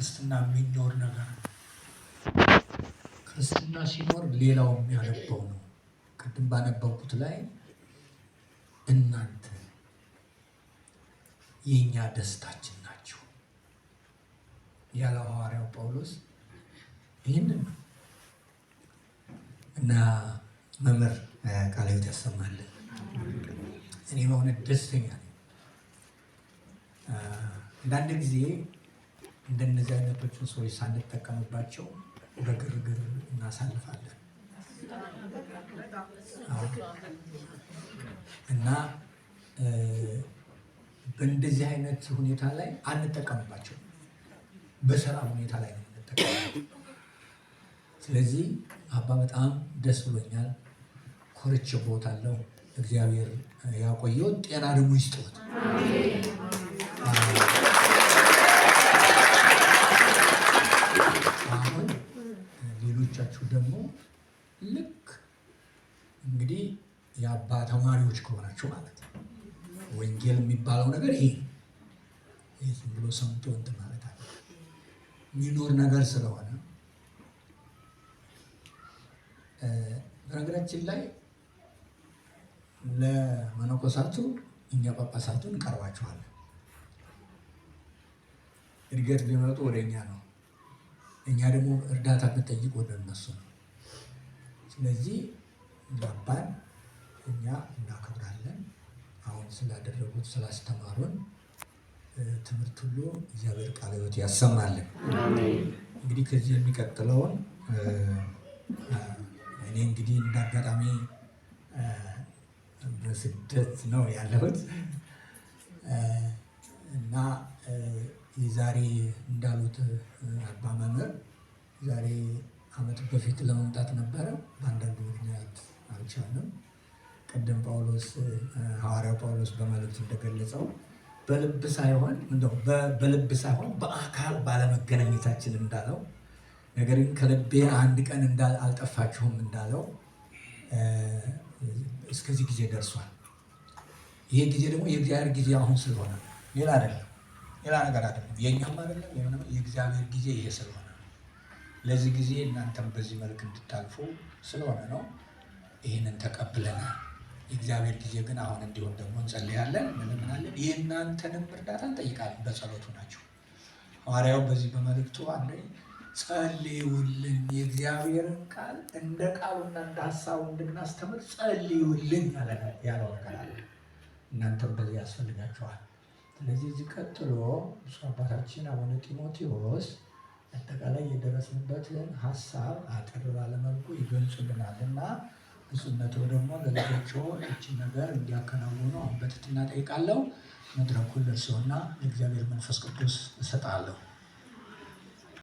ክርስትና የሚኖር ነገር ነው። ክርስትና ሲኖር ሌላው የሚያነበው ነው። ቅድም ባነበብኩት ላይ እናንተ የእኛ ደስታችን ናቸው ያለው ሐዋርያው ጳውሎስ ይህንን ነው እና መምህር ቃላዊት ያሰማልን። እኔ በእውነት ደስተኛ ነኝ። አንዳንድ ጊዜ እንደነዚህ አይነቶችን ሰዎች ሳንጠቀምባቸው በግርግር እናሳልፋለን እና በእንደዚህ አይነት ሁኔታ ላይ አንጠቀምባቸው። በስራ ሁኔታ ላይ ነው የምንጠቀምባቸው። ስለዚህ አባ በጣም ደስ ብሎኛል። ኮርቼ ቦታለሁ። እግዚአብሔር ያቆየው፣ ጤና ደግሞ ይስጥዎት። ደግሞ ልክ እንግዲህ የአባ ተማሪዎች ከሆናችሁ ማለት ነው። ወንጌል የሚባለው ነገር ይሄ ዝም ብሎ ሰምቶ እንትን ማለት አለ የሚኖር ነገር ስለሆነ በነገራችን ላይ ለመነኮሳቱ እኛ ጳጳሳቱ እንቀርባችኋለን። እድገት ቢመጡ ወደ እኛ ነው። እኛ ደግሞ እርዳታ የምንጠይቅ ወደ እነሱ ነው። ስለዚህ አባን እኛ እናከብራለን። አሁን ስላደረጉት ስላስተማሩን ትምህርት ሁሉ እግዚአብሔር ቃለ ሕይወት ያሰማልን። እንግዲህ ከዚህ የሚቀጥለውን እኔ እንግዲህ እንዳጋጣሚ በስደት ነው ያለሁት ዛሬ እንዳሉት አባ መምህር ዛሬ ዓመት በፊት ለመምጣት ነበረ። በአንዳንድ ምክንያት አልቻልም። ቅድም ጳውሎስ ሐዋርያው ጳውሎስ በማለት እንደገለጸው በልብ ሳይሆን በልብ ሳይሆን በአካል ባለመገናኘታችን እንዳለው ነገር ግን ከልቤ አንድ ቀን አልጠፋችሁም እንዳለው እስከዚህ ጊዜ ደርሷል። ይህ ጊዜ ደግሞ የእግዚአብሔር ጊዜ አሁን ስለሆነ ሌላ አይደለም። ሌላ ነገር አይደለም፣ የእኛም አይደለም የሆነም የእግዚአብሔር ጊዜ ይሄ ስለሆነ ለዚህ ጊዜ እናንተም በዚህ መልክ እንድታልፉ ስለሆነ ነው። ይህንን ተቀብለናል። የእግዚአብሔር ጊዜ ግን አሁን እንዲሆን ደግሞ እንጸልያለን፣ እንለምናለን። የእናንተንም እርዳታ እንጠይቃለን። በጸሎቱ ናቸው ሐዋርያው በዚህ በመልእክቱ አንድ ጸልዩልን፣ የእግዚአብሔርን ቃል እንደ ቃሉና እንደ ሀሳቡ እንድናስተምር ጸልዩልን ያለው ነገር አለ። እናንተም በዚህ ያስፈልጋችኋል። ስለዚህ እዚህ ቀጥሎ እሱ አባታችን አቡነ ጢሞቴዎስ አጠቃላይ የደረስንበትን ሀሳብ አጠር ባለመልኩ ይገልጹልናል እና ብፁዕነቱ ደግሞ ለልጆችዎ እችን ነገር እንዲያከናውኑ አሁን በትህትና እጠይቃለሁ። መድረኩን ለእርስዎና ለእግዚአብሔር መንፈስ ቅዱስ እሰጣለሁ።